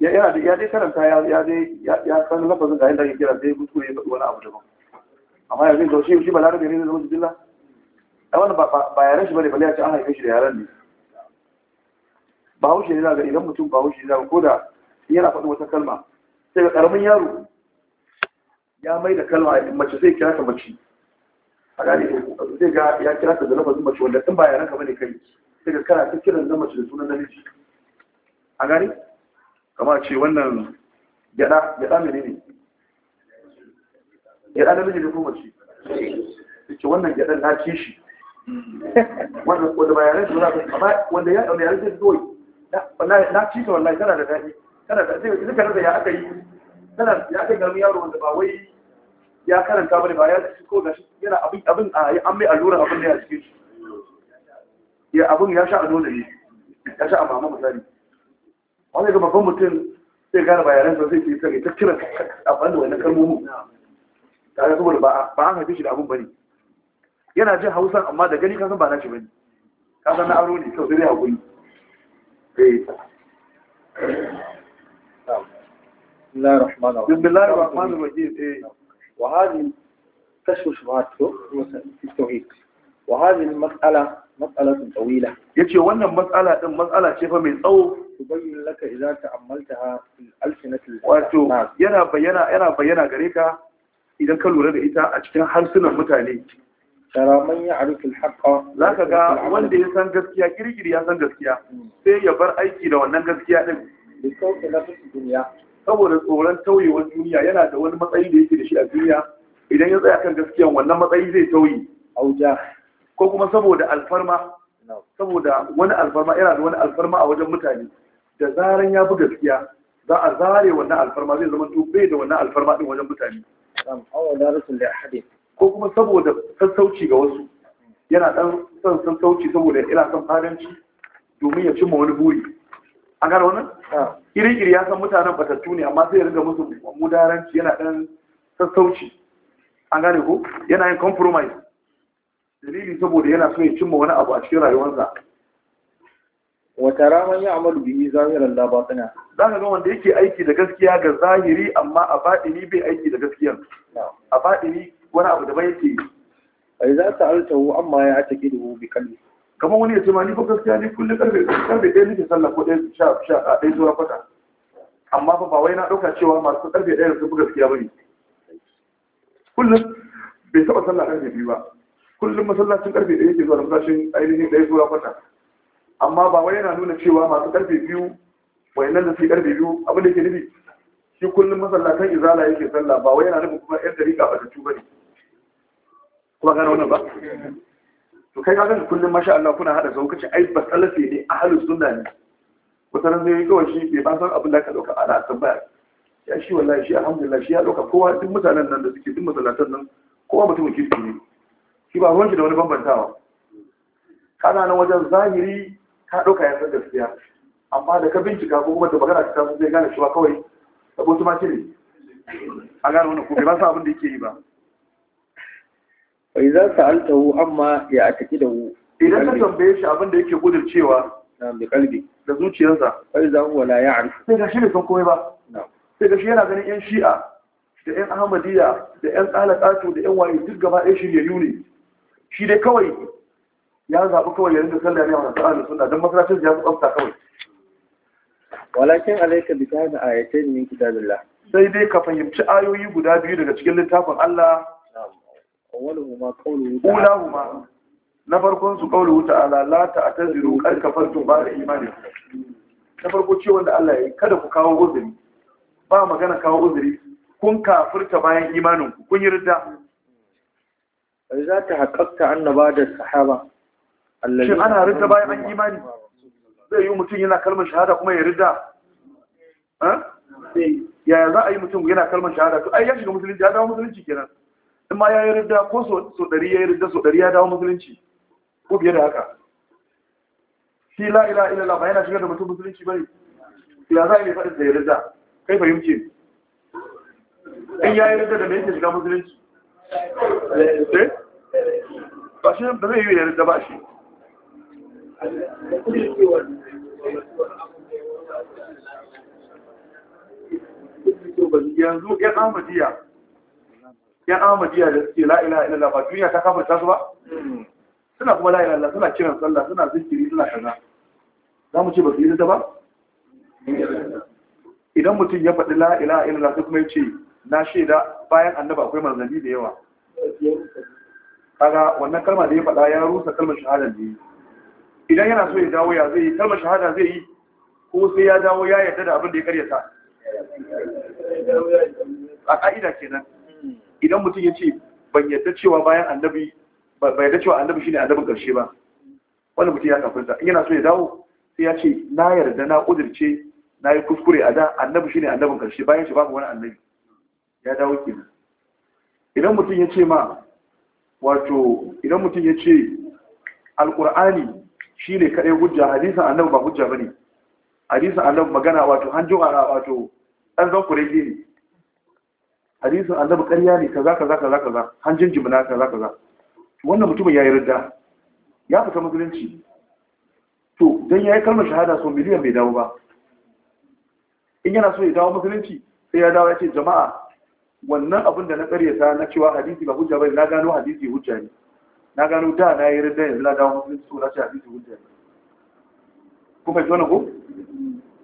ya yana da ya dai karanta ya ya dai ya san lafazin da yanda yake kira sai mutu ya faɗi wani abu daban amma yanzu da shi shi balarabe ne zama jilla ai wannan ba yaran shi bane bale ya ce an haife shi da yaran ne bahaushe ne zaga idan mutum bahaushe ne zaga ko da yana faɗi wata kalma sai ga ƙaramin yaro ya mai da kalma a mace sai kira ka mace a gane sai ga ya kira ka da lafazin mace wanda tun ba yaran ka bane kai sai ga kana ta kiran na mace da sunan namiji a gane kama ce wannan gyada gyada mene ne gyada da mene ne ko mace ce wannan gyada na ce shi wanda bayanan su zafi wanda ya ɗaunar yanzu zuwa na ci ta wannan tana da daɗi tana da zai zai zuka da ya aka yi tana ya aka garmi yaro wanda ba wai ya karanta bane ba ya ci ko gashi yana abin abin an mai allura abin da ya cikin shi ya abin ya sha a nuna ne ya sha a mamu misali wani ga babban mutum zai gane bayanan da zai sai ta kiran amfani da wani kalmomin tare saboda ba an haife shi da abun bane yana jin hausa amma da gani kasan ba na shi bane kasan na aro ne kyau sai dai وهذه كشف شبهات التوحيد وهذه المسألة matsalatun tsawila ya ce wannan matsala ɗin matsala ce fa mai tsawo su bayyana laka idza ta'ammalta ha fil alsinatil wato yana bayyana yana bayyana gare ka idan ka lura da ita a cikin harsunan mutane tara man ya'rifu al laka ga wanda ya san gaskiya kirkiri ya san gaskiya hmm. sai ya bar aiki da wannan gaskiya din da sauke na duniya saboda tsoron tauyewar duniya yana da wani matsayi da yake da shi a duniya idan ya tsaya kan gaskiya wannan matsayi zai tauye auja ko kuma saboda alfarma saboda wani alfarma yana da wani alfarma a wajen mutane da zaran ya bi gaskiya za a zare wannan alfarma zai zama to bai da wannan alfarma din wajen mutane ko kuma saboda sassauci ga wasu yana dan son sassauci saboda yana son fadanci domin ya cimma wani buri A gane wannan iri iri ya san mutanen batattu ne amma sai ya ringa musu mudaranci yana dan sassauci an gane ko yana yin compromise dalili saboda yana so ya cimma wani abu a cikin rayuwarsa wata raman ya amalu bihi zahiran la batina za ka ga wanda yake aiki da gaskiya ga zahiri amma a batini bai aiki da gaskiyar a batini wani abu da bai yake ai za ta altahu amma ya atake da bi kalli kamar wani ya ce ma ni fa gaskiya ni kullum karfe karfe ɗaya nake sallah ko ɗaya sha sha a ɗaya zuwa fata amma fa ba wai na ɗauka cewa masu karfe ɗaya sun fi gaskiya ba ne kullum bai taɓa sallah karfe biyu ba kullum masallacin karfe ɗaya ke zuwa da masashin ainihin ɗaya zuwa kwata amma ba wai yana nuna cewa masu karfe biyu wayannan da su karfe biyu abin da ke nufi shi kullum masallacin izala yake sallah ba wai yana nufin kuma yan dariƙa ba da ba ne kuma gane wannan ba to kai kaga kullum masha Allah kuna hada zau kace ai basalafe ne halin sunna ne wataran zai kawai shi bai ba san abin da ka dauka ana tambaya ya shi wallahi shi alhamdulillah shi ya dauka kowa duk mutanen nan da suke duk masallatan nan kowa mutumin kirki ne shi ba ruwan shi da wani bambantawa kana nan wajen zahiri ka ɗauka ya san gaskiya amma da ka bincika ko kuma da magana ta taso zai gane shi ba kawai sabo su ma ne a gane wani ko bai ba sa abin da yake yi ba fa idan sa'altahu amma ya taƙi da hu idan ka tambaye shi abin da yake gudun cewa na bi kalbi da zuciyarsa za mu wala ya ya'rif sai ga shi ne san komai ba sai ga shi yana ganin yan shi'a da yan ahmadiyya da yan tsalakatu da yan waye duk gaba ɗaya shirya ne shi dai kawai ya zaɓi kawai ya rinka sallah ne a masu ahalin suna don masallacin ya su tsafta kawai walakin alaika bi ayatai ne min kitabillah sai dai ka fahimci ayoyi guda biyu daga cikin littafin Allah awwaluhuma qawluhu na farkon su qawluhu ta'ala la ta'taziru qad ba da imani na farko ce wanda Allah ya yi kada ku kawo uzuri ba magana kawo uzuri kun kafirta bayan imaninku kun yi ridda za ta haƙaƙta annaba da sahaba shin ana ridda bayan an yi imani zai yi mutum yana kalmar shahada kuma ya ridda yaya za a yi mutum yana kalmar shahada to ai ya shiga musulunci ya dawo musulunci kenan in ma ya yi ridda ko so ɗari ya yi ridda so ɗari ya dawo musulunci ko biye da haka shi la'ila, ila ila la ba yana shigar da mutum musulunci ba ne. ya za a yi faɗin da ya ridda kai fahimce in ya yi ridda da me yake shiga musulunci Eh? ba shi ba zai yi yarin da yanzu yan amadiya yan amadiya da suke la'ila ilala ba duniya ta kafa ta ba suna kuma la'ila ilala suna kiran sallah suna zikiri suna kaza za mu ce ba su yi da ba idan mutum ya faɗi la'ila ilala sai kuma ya ce na shaida bayan annaba akwai manzanni da yawa kaga wannan kalma da ya faɗa ya rusa kalmar shahada da yi idan yana so ya dawo ya zai yi kalmar shahada zai yi ko sai ya dawo ya yarda da abin da ya karyata a ka'ida kenan idan mutum ya ce ban yarda cewa bayan annabi ban yarda cewa annabi shine annabin karshe ba wannan mutum ya kafinta in yana so ya dawo sai ya ce na yarda na kudirce na yi kuskure a da annabi shine annabin karshe bayan shi babu wani annabi ya dawo kenan idan mutum ya ce ma wato idan mutum ya ce alƙur'ani shi ne kaɗai hujja hadisan annabi ba hujja ba ne hadisan annabi magana wato hanjo a wato ɗan zankure ke ne hadisan annabi ƙarya ne kaza kaza kaza kaza hanjin jimina kaza kaza wannan mutumin ya yi ridda ya fita musulunci to don ya yi kalmar shahada sau miliyan bai dawo ba in yana so ya dawo musulunci sai ya dawo ya ce jama'a wannan abin da na karyata na cewa hadisi ba hujja bai na gano hadisi hujja ne na gano da na yi rida yanzu na dawo musulunci so na ce hadisi hujja ne kuma zo wani ko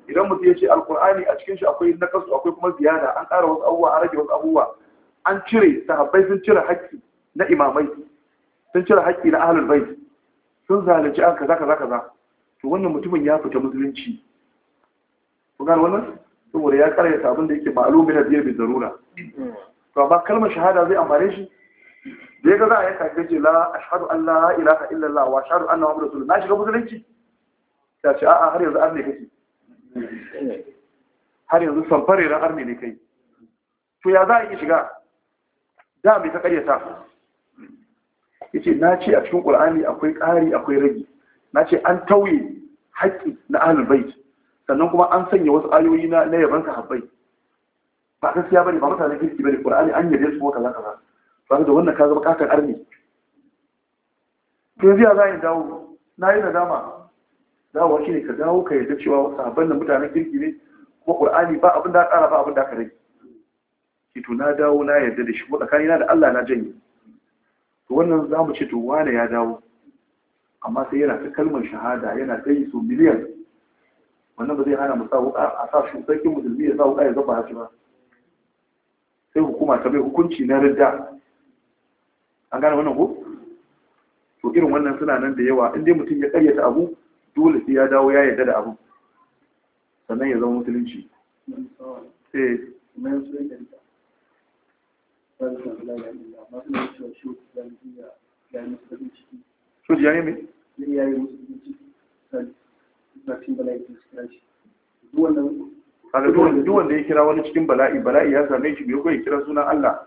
idan mutum ya ce alkur'ani a cikin shi akwai nakasu akwai kuma ziyada an ƙara wasu abubuwa an rage wasu abubuwa an cire sahabbai sun cire haƙƙi na imamai sun cire haƙƙi na ahlul bait sun zalunci an kaza kaza kaza to wannan mutumin ya fita musulunci ku gane wannan saboda ya karyata abin da yake ma'alum mina biyar bin zarura to amma kalmar shahada zai amfane shi da ya ga za a yanka ga ce la ashhadu an la ilaha illallah wa ashhadu anna muhammadar rasulullah na shiga musulunci ta ce a'a har yanzu arne kake har yanzu samfare ran arne ne kai to ya za a yi shiga da mai ta karyata ce na ce a cikin qur'ani akwai ƙari akwai rage na ce an tauye haƙƙi na ahlul bait sannan kuma an sanya wasu ayoyi na na yaban sahabbai ba gaskiya bane ba mutanen kirki bane qur'ani an yabe su kaza kaza ba da wannan ka zama kakan arni to yanzu ya za dawo na yi nadama dawo shi ne ka dawo ka yarda cewa sahabban da mutanen kirki ne kuma qur'ani ba abin da ka ba abin da ka rage ki to na dawo na yarda da shi ko tsakanina da Allah na janye to wannan za mu ce to wane ya dawo amma sai yana ta kalmar shahada yana ta yi so miliyan wannan ba zai hana mu sa a sa shi musulmi ya sa wuƙa ya zaba haji ba sai hukuma ta bai hukunci na ridda an gane wannan ko to irin wannan suna nan da yawa inda mutum ya karyata abu dole sai ya dawo ya yarda da abu sannan ya zama musulunci eh. sai Ya yi kaga duk wanda ya kira wani cikin bala'i bala'i ya same shi biyu koyi kira sunan Allah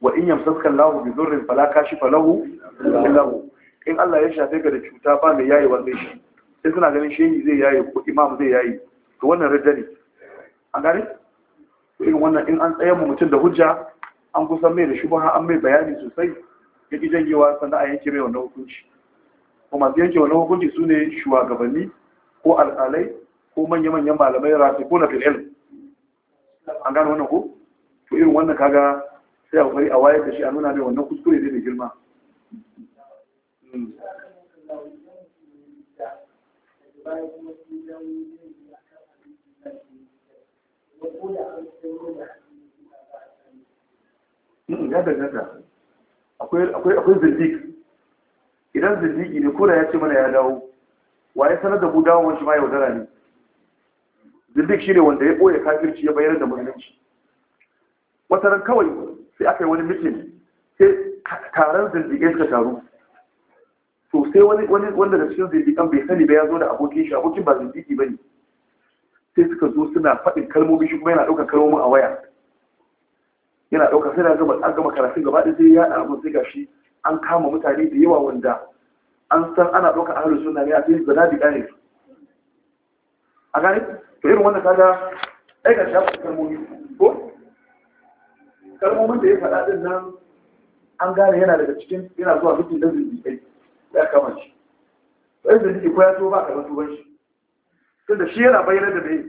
wa in yamsaka Allahu bi dhurrin fala kashifa lahu illa in Allah ya shafe ka da cuta ba mai yayi wanda shi sai suna ganin shehi zai yayi ko imam zai yayi to wannan rajali an to irin wannan in an tsaya mu mutum da hujja an kusan mai da shubha an mai bayani sosai ya ki jangewa sannan a yanke mai wannan hukunci kuma masu yanke wannan hukunci sune shugabanni ko alƙalai ko manya-manyan malamai rasu ko na fil'il an gano wannan ko to irin wannan kaga sai a kwari a wayar da shi a nuna mai wannan kuskure zai hmm. hmm, da girma ya akwai zindik idan zindiki ne koda ya ce mana ya dawo waye sanar da mu dawowar shi ma yaudara ne zindik shi ne wanda ya ɓoye kafirci ya bayar da musulunci wata ran kawai sai aka yi wani mitin sai taron zindikai suka taru to sai wani wanda da cikin zindikan bai sani ba ya zo da abokin shi abokin ba zindiki ba ne sai suka zo suna faɗin kalmomi shi kuma yana ɗaukar kalmomin a waya yana ɗaukar sai na gama karatun gaba ɗaya sai ya ɗan sai gashi an kama mutane da yawa wanda an san ana ɗaukar ahalus suna ne a cikin zanadiqa ne a gane to irin wannan kaga ai ga shafi kalmomi ko kalmomin da ya faɗa ɗin nan an gane yana daga cikin yana zuwa duk da zindiƙai ya kama shi sai zindiƙi ko ya so ba a ba tuban shi tunda shi yana bayyana da mai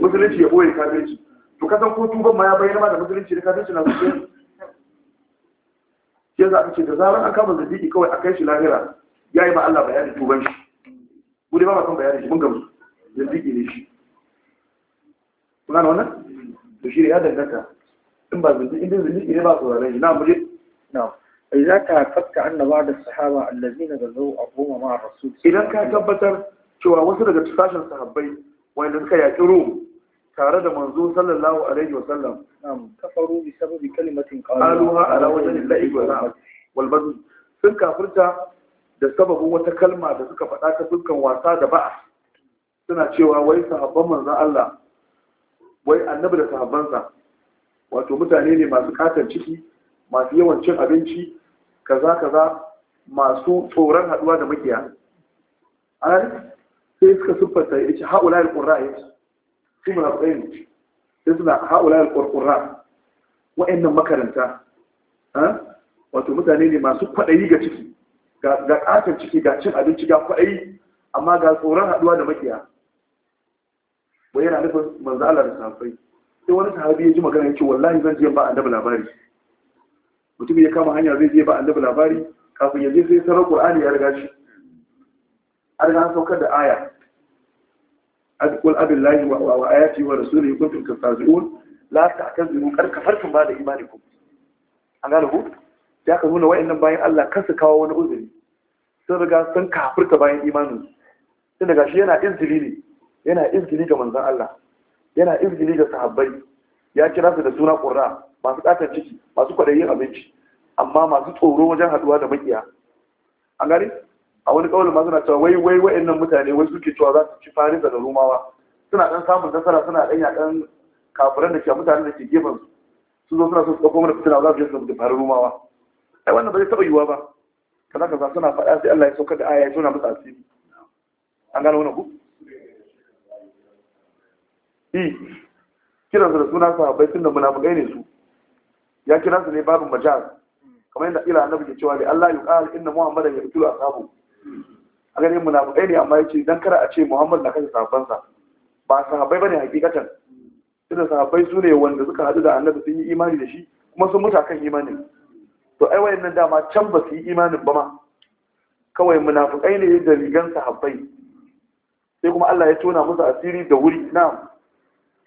musulunci ya ɓoye kafirci to kasan ko tuban ma ya bayyana ma da musulunci da kafirci na zuciya shi yasa aka ce da zaran an kama zindiki kawai a kai shi lahira ya yi ma Allah bayanin tuban shi mu ba ma san bayanin shi mun gamsu zindiki ne shi kun gane wannan to shi ne ya danganta in ba zindiki in zindiki ne ba su shi na mu je na إذا كفت أن بعض الصحابة الذين غزوا أبوهم مع الرسول إذا كان tabbatar cewa wasu daga cikin sahabbai wanda suka yaƙi Rum tare da manzo sallallahu alaihi wasallam na'am kafaru bi sababi kalimatin qaluha ala wajhi al-la'i wa wal bad sun kafirta da sababin wata kalma da suka faɗa ta dukkan wasa da ba'a suna cewa wai sahabban manzon Allah wai annabi da sahabbansa wato mutane ne masu katan ciki masu yawan cin abinci kaza kaza masu tsoron haduwa da makiya an sai suka siffanta ya ce haula al-qurra su munafiqai ne sai suna haula da qurqura wa'annan makaranta wato mutane ne masu kwaɗayi ga ciki ga ƙaton ciki ga cin abinci ga kwaɗayi amma ga tsoron haɗuwa da makiya wai yana nufin manzo Allah da safai sai wani sahabi ya ji magana ya ce wallahi zan je ba annabi labari mutum ya kama hanya zai je ba annabi labari kafin ya je sai sarar qur'ani ya riga shi an ga saukar da aya قل أبي الله وآياته ورسوله كنتم تستهزئون لا تعتذروا قد كفرتم بعد إيمانكم an gane ku ya ka nuna wa'annan bayan Allah kan su kawo wani uzuri sun riga sun kafirta bayan imanin sun daga shi yana izgili ne yana izgili ga manzan Allah yana izgili ga sahabbai ya kira su da suna ƙura masu ƙatar ciki masu kwaɗayin abinci amma masu tsoro wajen haɗuwa da makiya an gane a wani kawai ma suna cewa wai wai wa'annan mutane wai suke cewa za su ci fari da rumawa suna dan samun nasara suna dan yakan kafiran da ke mutanen da ke gefen su su zo suna so su ɗauko mana fitina za su je su fari rumawa ai wannan ba zai taɓa yiwuwa ba kaza kaza suna faɗa sai Allah ya saukar da aya ya tona musu asiri an gano wannan ku i kiran su da suna bai tunda munafukai ne su ya kira su ne Babu majaz kamar yadda ila annabi ke cewa da Allah ya qala inna muhammadan yaqtulu ashabu a muna munafukai ne amma yace dan kar a ce Muhammad na kashe sahabbansa ba sahabbai bane hakikatan tunda sahabbai su ne wanda suka hadu da Annabi sun yi imani da shi kuma sun mutu akan imanin to ai wayannan dama can ba su yi imanin ba ma kawai munafukai ne da rigan sahabbai sai kuma Allah ya tona musu asiri da wuri na'am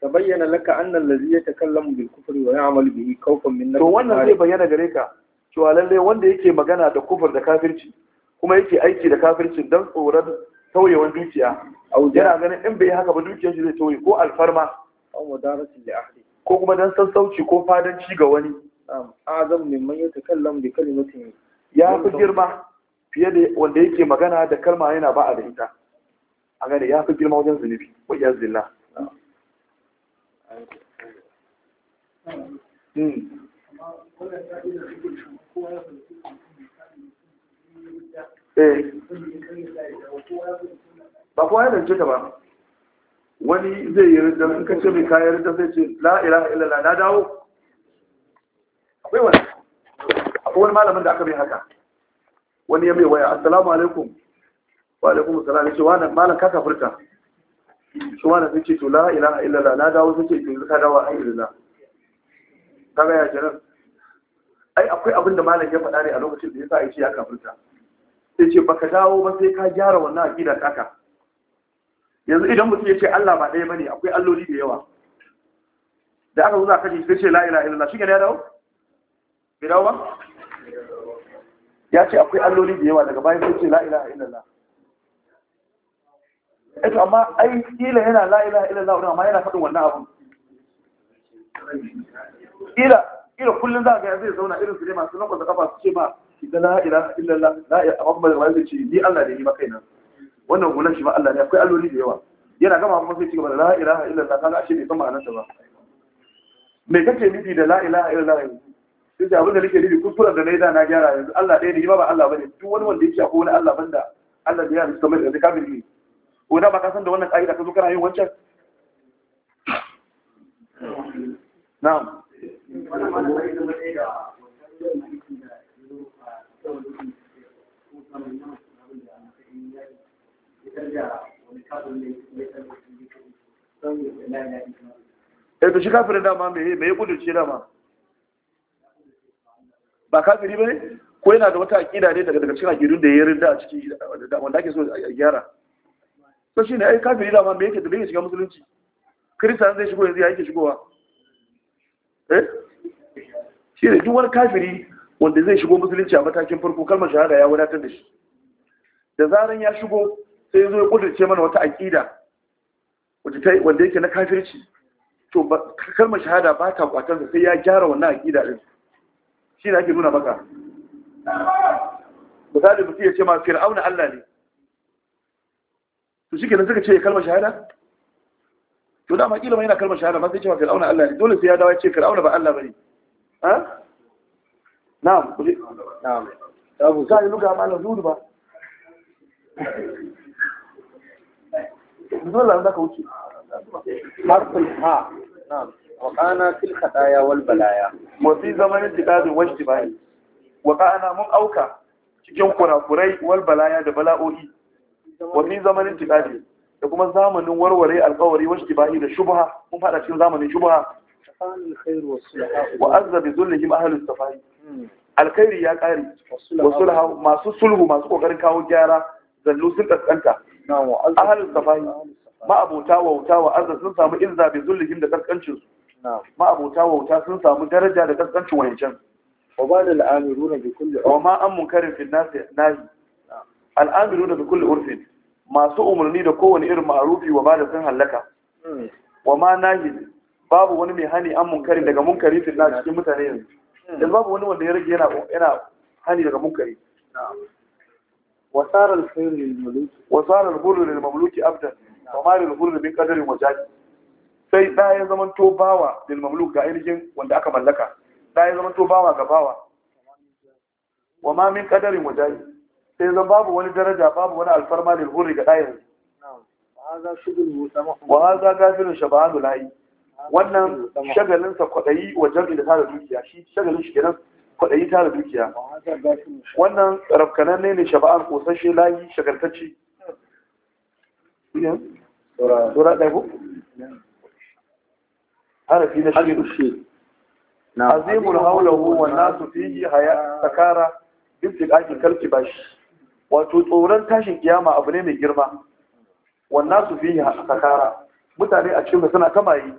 tabayyana laka anna allazi yatakallamu bil kufri wa ya'malu bihi kawfan min nar to wannan zai bayyana gare ka cewa lalle wanda yake magana da kufur da kafirci kuma yake aiki da kafircin don tsoron tauyewan dukiya yana ganin in bai haka ba dukiyar shi zai tauye ko alfarma ko kuma don sassauci ko fadanci ga wani azam mimman ya takallam da mutum ya fi girma fiye da wanda yake magana da kalma yana ba a da ita a gane ya fi girma wajen zunubi wa iya zilla Eh. ba kuwa ya zance ka ba wani zai yi rinda in kace mai kayan rinda zai ce la ilaha illallah na dawo akwai wani akwai wani malamin da aka mai haka wani ya mai waya assalamu alaikum wa alaikum assalam ce wani malam ka furta shi wani zai ce to la ilaha illallah na dawo zai ce zai ka dawo a illallah Ta ya jiran ai akwai abin da malam ya faɗa ne a lokacin da ya sa aiki ya kafirta sai ce baka dawo ba sai ka gyara wannan aqida ka yanzu idan mutum yace ce Allah ba ɗaya bane akwai alloli da yawa da aka zo za ka sai ce la ilaha illallah shi ga ya dawo bai dawo ba ya ce akwai alloli da yawa daga bayan sai ce la ilaha illallah eh amma ai kila yana la ilaha illallah amma yana faɗin wannan abu kila kila kullun za ga zai zauna irin su ne masu lankwasa kafa su ce ba idan la ilaha illallah la ilaha da rasul ce ni Allah ne ni ma kaina wannan gulan shi ma Allah ne akwai alloli da yawa yana gama kuma sai ci gaba da la ilaha illallah kaga ashe bai san ma'anar ta ba me kake nufi da la ilaha illallah yanzu sai da abin da nake nufi kuskuren da na yi da na gyara yanzu Allah ɗaya ne ni ma ba Allah bane duk wani wanda yake akwai wani Allah banda Allah da ya rubuta mai da kafiri ne ko da ba ka san da wannan ƙa'ida ka zo kana yin wancan na'am eh to shi kafirin dama me me ya kudurce dama ba kafiri bane ko yana da wata aqida ne daga daga cikin aqidun da ya rinda a ciki wanda ake so a gyara to ne, ai kafiri dama me yake da dalilin shiga musulunci kristan zai shigo yanzu ya yake shigowa eh shi ne duk wani kafiri wanda zai shigo musulunci a matakin farko kalmar shahada ya wadatar da shi da zaran ya shigo sai ya zo ya kudurce mana wata aƙida wanda yake na kafirci to kalmar shahada ba ta kwatansa sai ya gyara wannan aƙida ɗin shi ne ake nuna maka Ba za misali mutum ya ce ma fir'auna Allah ne to shi kenan suka ce ya kalmar shahada to dama kila ma yana kalmar shahada ba sai ce ma fir'auna Allah ne dole sai ya dawo ya ce fir'auna ba Allah ba ha na'am kuje na'am abu sai luka malam zudu ba dole da ka wuce harful ha na'am wal balaya. الخطايا والبلايا وفي زمن التكاد واجتباه وقعنا mun auka cikin kurakurai wal balaya da bala'o'i wa min zamanin tiqadi da kuma zamanin warware alƙawari wa shibahi da shubha mun fada cikin zamanin shubha wa azza bi zullihim ahlus safahi alkhairi ya ƙare wasu masu sulhu masu ƙoƙarin kawo gyara zallu sun ƙasƙanta ahalin safahi ma'abota wauta wa arza sun samu in bi zullihim da ƙasƙancin su ma'abota wauta sun samu daraja da ƙasƙancin wayancan wa ba da al'amiruna bi kulli wa ma an munkarin fil nas nahi al'amiruna bi kulli urfin masu umarni da kowane irin ma'arufi wa ba da sun hallaka hmm. wa ma nahi babu wani mai hani an munkari daga munkari fil nas cikin mutane yanzu da babu wani wanda ya rage yana yana hani daga munkari وصار الخير lil mamluki abda wa عبدا وما bi qadari wa jadi sai da ya zaman to bawa lil mamluk ga ainihin wanda aka mallaka da ya zaman to bawa ga bawa wa ma min wa jadi sai zan babu wani daraja babu wani alfarma lil hurri ga dayin wa hadha shugul mutamahu wa hadha kafirun shabahu lahi wannan shagalinsa kwaɗayi wa jami'i da tara dukiya shi shagalin shi kenan kwaɗayi tara dukiya wannan rafkanan ne ne shaba'an kosashe layi shagartacce Sura ɗaya ko? Harafi na shi. Azimul haulahu wa nasu fihi haya sakara bintik ake kalki bashi. Wato tsoron tashin kiyama abu ne mai girma. Wannan su fihi sakara. Mutane a cikin suna kama yi.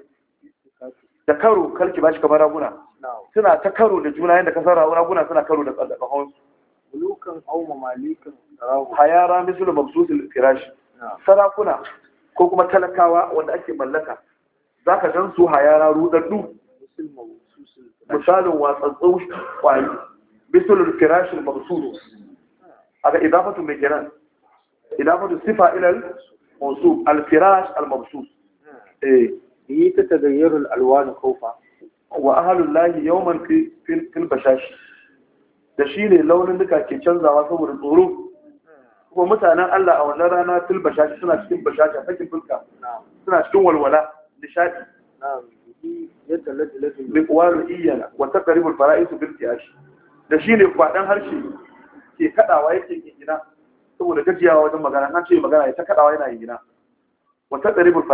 da karo kalki ba shi kamar raguna suna ta karo da juna yadda kasar raguna suna karo da ƙahonsu mulukan au mamalikan hayara misul mabsusul firash sarakuna ko kuma talakawa wanda ake mallaka za ka gan su hayara rudaddu misalin watsatsun kwari misul firash mabsusul aga idafatu mai idafatu sifa ilal al firash al mabsul eh yi ta tagayyarul alwanu kaufa wa ahalul lahi yawman fil bashashi da shi ne launin duka ke canzawa saboda tsoro kuma mutanen Allah a wannan rana fil bashashi suna cikin bashashi sakin fuska suna cikin walwala nishadi bi qawalu iyana wa taqribul fara'is bil tiyashi da shi ne kwadan harshe ke kadawa yake gina saboda gajiyawa wajen magana Na ce magana ya ta kadawa yana yin gina wa taqribul